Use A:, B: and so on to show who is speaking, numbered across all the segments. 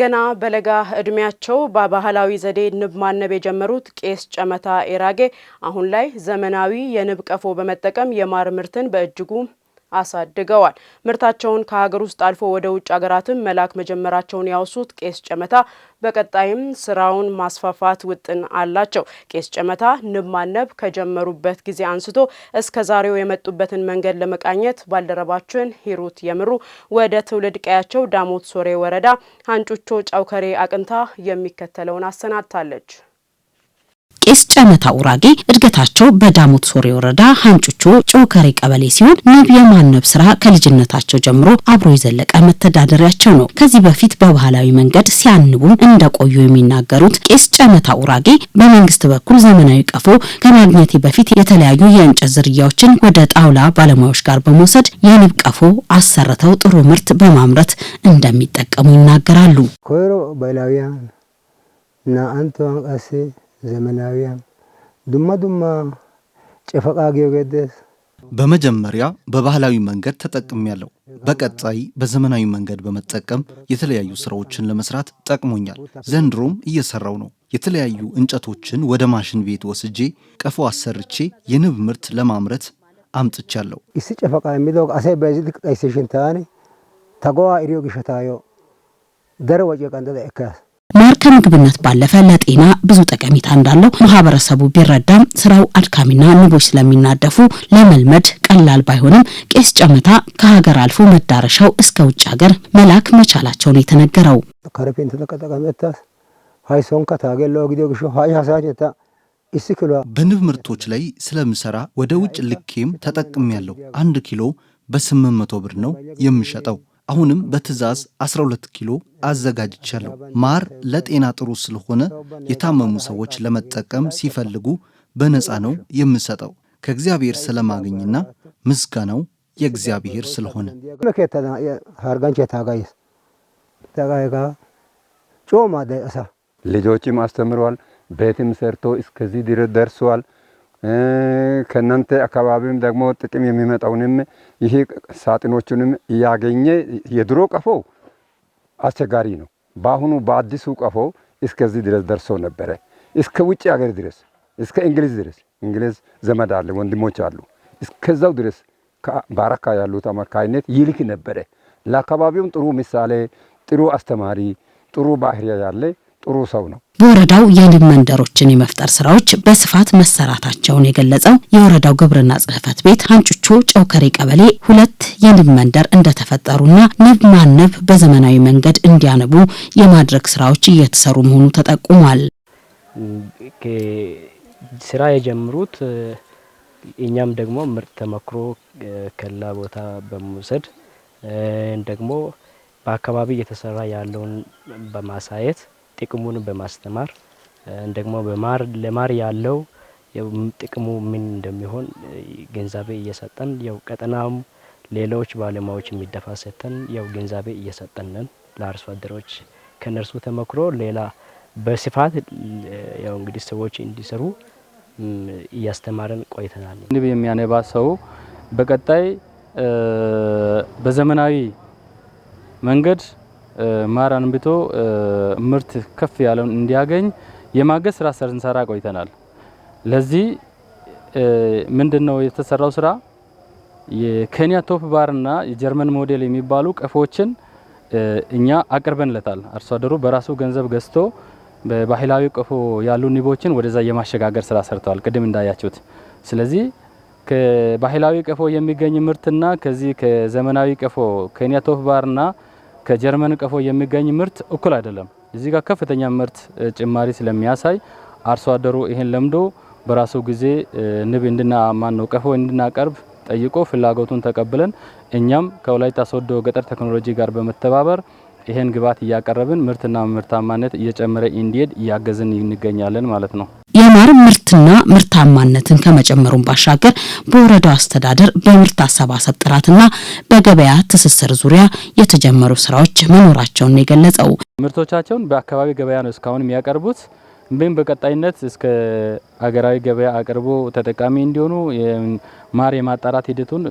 A: ገና በለጋ እድሜያቸው በባህላዊ ዘዴ ንብ ማነብ የጀመሩት ቄስ ጨመታ ኤራጌ አሁን ላይ ዘመናዊ የንብ ቀፎ በመጠቀም የማር ምርትን በእጅጉ አሳድገዋል። ምርታቸውን ከሀገር ውስጥ አልፎ ወደ ውጭ ሀገራትም መላክ መጀመራቸውን ያወሱት ቄስ ጨመታ በቀጣይም ስራውን ማስፋፋት ውጥን አላቸው። ቄስ ጨመታ ንብ ማነብ ከጀመሩበት ጊዜ አንስቶ እስከ ዛሬው የመጡበትን መንገድ ለመቃኘት ባልደረባችን ሂሩት የምሩ ወደ ትውልድ ቀያቸው ዳሞት ሶሬ ወረዳ አንጩቾ ጫውከሬ አቅንታ የሚከተለውን አሰናድታለች። ቄስ ጨመታ ኡራጌ እድገታቸው በዳሞት ሶሬ ወረዳ ሀንጩቾ ጮከሬ ቀበሌ ሲሆን ንብ የማነብ ስራ ከልጅነታቸው ጀምሮ አብሮ የዘለቀ መተዳደሪያቸው ነው። ከዚህ በፊት በባህላዊ መንገድ ሲያንቡም እንደቆዩ የሚናገሩት ቄስ ጨመታ ውራጌ በመንግስት በኩል ዘመናዊ ቀፎ ከማግኘቴ በፊት የተለያዩ የእንጨት ዝርያዎችን ወደ ጣውላ ባለሙያዎች ጋር በመውሰድ የንብ ቀፎ አሰርተው ጥሩ ምርት በማምረት እንደሚጠቀሙ ይናገራሉ።
B: ዘመናዊያ ዱማ ዱማ ጨፈቃ ጌገደስ
A: በመጀመሪያ በባህላዊ መንገድ ተጠቅም ያለው በቀጣይ በዘመናዊ መንገድ በመጠቀም የተለያዩ ስራዎችን ለመስራት ጠቅሞኛል። ዘንድሮም እየሰራው ነው። የተለያዩ እንጨቶችን ወደ ማሽን ቤት ወስጄ ቀፎ አሰርቼ የንብ ምርት ለማምረት አምጥቻለሁ።
B: እስ ጨፈቃ የሚለው አሳይ በዚህ ቀይሴሽን ተዋኔ ተጓዋ ኢሪዮ ግሸታዮ ደረ ወጪ ቀንጠ
A: ማር ከምግብነት ባለፈ ለጤና ብዙ ጠቀሜታ እንዳለው ማህበረሰቡ ቢረዳም ስራው አድካሚና ንቦች ስለሚናደፉ ለመልመድ ቀላል ባይሆንም ቄስ ጨመታ ከሀገር አልፎ መዳረሻው እስከ ውጭ ሀገር መላክ መቻላቸውን የተነገረው በንብ ምርቶች ላይ ስለምሰራ ወደ ውጭ ልኬም ተጠቅሜያለሁ። አንድ ኪሎ በስምንት መቶ ብር ነው የምሸጠው። አሁንም በትዕዛዝ 12 ኪሎ አዘጋጅቻለሁ። ማር ለጤና ጥሩ ስለሆነ የታመሙ ሰዎች ለመጠቀም ሲፈልጉ በነፃ ነው የምሰጠው ከእግዚአብሔር ስለማገኝና ምስጋናው የእግዚአብሔር ስለሆነ።
C: ልጆችም አስተምረዋል። ቤትም ሰርቶ እስከዚህ ድረስ ደርሰዋል። ከእናንተ አካባቢም ደግሞ ጥቅም የሚመጣውንም ይሄ ሳጥኖቹንም እያገኘ የድሮ ቀፎ አስቸጋሪ ነው። በአሁኑ በአዲሱ ቀፎ እስከዚህ ድረስ ደርሶ ነበረ። እስከ ውጭ ሀገር ድረስ እስከ እንግሊዝ ድረስ እንግሊዝ ዘመድ አለ፣ ወንድሞች አሉ። እስከዛው ድረስ ባረካ ያሉት አማካይነት ይልክ ነበረ። ለአካባቢውም ጥሩ ምሳሌ፣ ጥሩ አስተማሪ፣ ጥሩ ባህሪያ ያለ ጥሩ ሰው ነው።
A: በወረዳው የንብ መንደሮችን የመፍጠር ስራዎች በስፋት መሰራታቸውን የገለጸው የወረዳው ግብርና ጽህፈት ቤት አንጩቾ ጨውከሬ ቀበሌ ሁለት የንብ መንደር እንደተፈጠሩና ንብ ማነብ በዘመናዊ መንገድ እንዲያነቡ የማድረግ ስራዎች እየተሰሩ መሆኑ ተጠቁሟል።
D: ስራ የጀምሩት እኛም ደግሞ ምርጥ ተመክሮ ከላ ቦታ በመውሰድ ደግሞ በአካባቢ እየተሰራ ያለውን በማሳየት ጥቅሙን በማስተማር እንደግሞ በማር ለማር ያለው ጥቅሙ ምን እንደሚሆን ግንዛቤ እየሰጠን ያው ቀጠናም ሌሎች ባለሙያዎች የሚደፋ ሰጥተን ያው ግንዛቤ እየሰጠን ነን ለአርሶ አደሮች ከነርሱ ተመክሮ ሌላ በስፋት ያው እንግዲህ ሰዎች እንዲሰሩ እያስተማረን ቆይተናል።
E: ንብ የሚያነባ ሰው በቀጣይ በዘመናዊ መንገድ ማር አንብቶ ምርት ከፍ ያለውን እንዲያገኝ የማገዝ ስራ ስንሰራ ቆይተናል። ለዚህ ምንድነው የተሰራው ስራ የኬንያ ቶፕ ባርና የጀርመን ሞዴል የሚባሉ ቀፎችን እኛ አቅርበንለታል። አርሶ አደሩ በራሱ ገንዘብ ገዝቶ በባህላዊ ቀፎ ያሉ ንቦችን ወደዛ የማሸጋገር ስራ ሰርተዋል፣ ቅድም እንዳያችሁት። ስለዚህ ከባህላዊ ቀፎ የሚገኝ ምርትና ከዚህ ከዘመናዊ ቀፎ ኬንያ ቶፕ ባርና ከጀርመን ቀፎ የሚገኝ ምርት እኩል አይደለም። እዚህ ጋር ከፍተኛ ምርት ጭማሪ ስለሚያሳይ አርሶ አደሩ ይሄን ለምዶ በራሱ ጊዜ ንብ እንድና ማን ነው ቀፎ እንድናቀርብ ጠይቆ ፍላጎቱን ተቀብለን እኛም ከወላይታ ሶዶ ገጠር ቴክኖሎጂ ጋር በመተባበር ይሄን ግብዓት እያቀረብን ምርትና ምርታማነት እየጨመረ እንዲሄድ እያገዝን እንገኛለን ማለት ነው።
A: የማር ምርትና ምርታማነትን ከመጨመሩን ባሻገር በወረዳው አስተዳደር በምርት አሰባሰብ ጥራትና በገበያ ትስስር ዙሪያ የተጀመሩ ስራዎች መኖራቸውን የገለጸው
E: ምርቶቻቸውን በአካባቢ ገበያ ነው እስካሁን የሚያቀርቡት። እንዲሁም በቀጣይነት እስከ አገራዊ ገበያ አቅርቦ ተጠቃሚ እንዲሆኑ ማር የማጣራት ሂደቱን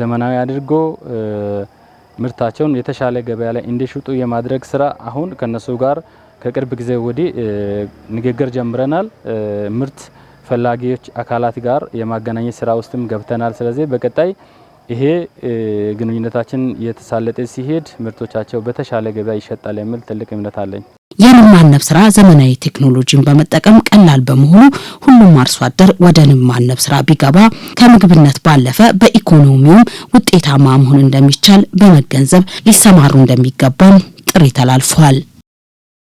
E: ዘመናዊ አድርጎ ምርታቸውን የተሻለ ገበያ ላይ እንዲሽጡ የማድረግ ስራ አሁን ከነሱ ጋር ከቅርብ ጊዜ ወዲህ ንግግር ጀምረናል። ምርት ፈላጊዎች አካላት ጋር የማገናኘት ስራ ውስጥም ገብተናል። ስለዚህ በቀጣይ ይሄ ግንኙነታችን እየተሳለጠ ሲሄድ ምርቶቻቸው በተሻለ ገበያ ይሸጣል የሚል ትልቅ እምነት አለኝ።
A: የንብ ማነብ ስራ ዘመናዊ ቴክኖሎጂን በመጠቀም ቀላል በመሆኑ ሁሉም አርሶ አደር ወደ ንብ ማነብ ስራ ቢገባ ከምግብነት ባለፈ በኢኮኖሚውም ውጤታማ መሆን እንደሚቻል በመገንዘብ ሊሰማሩ እንደሚገባም ጥሪ ተላልፏል።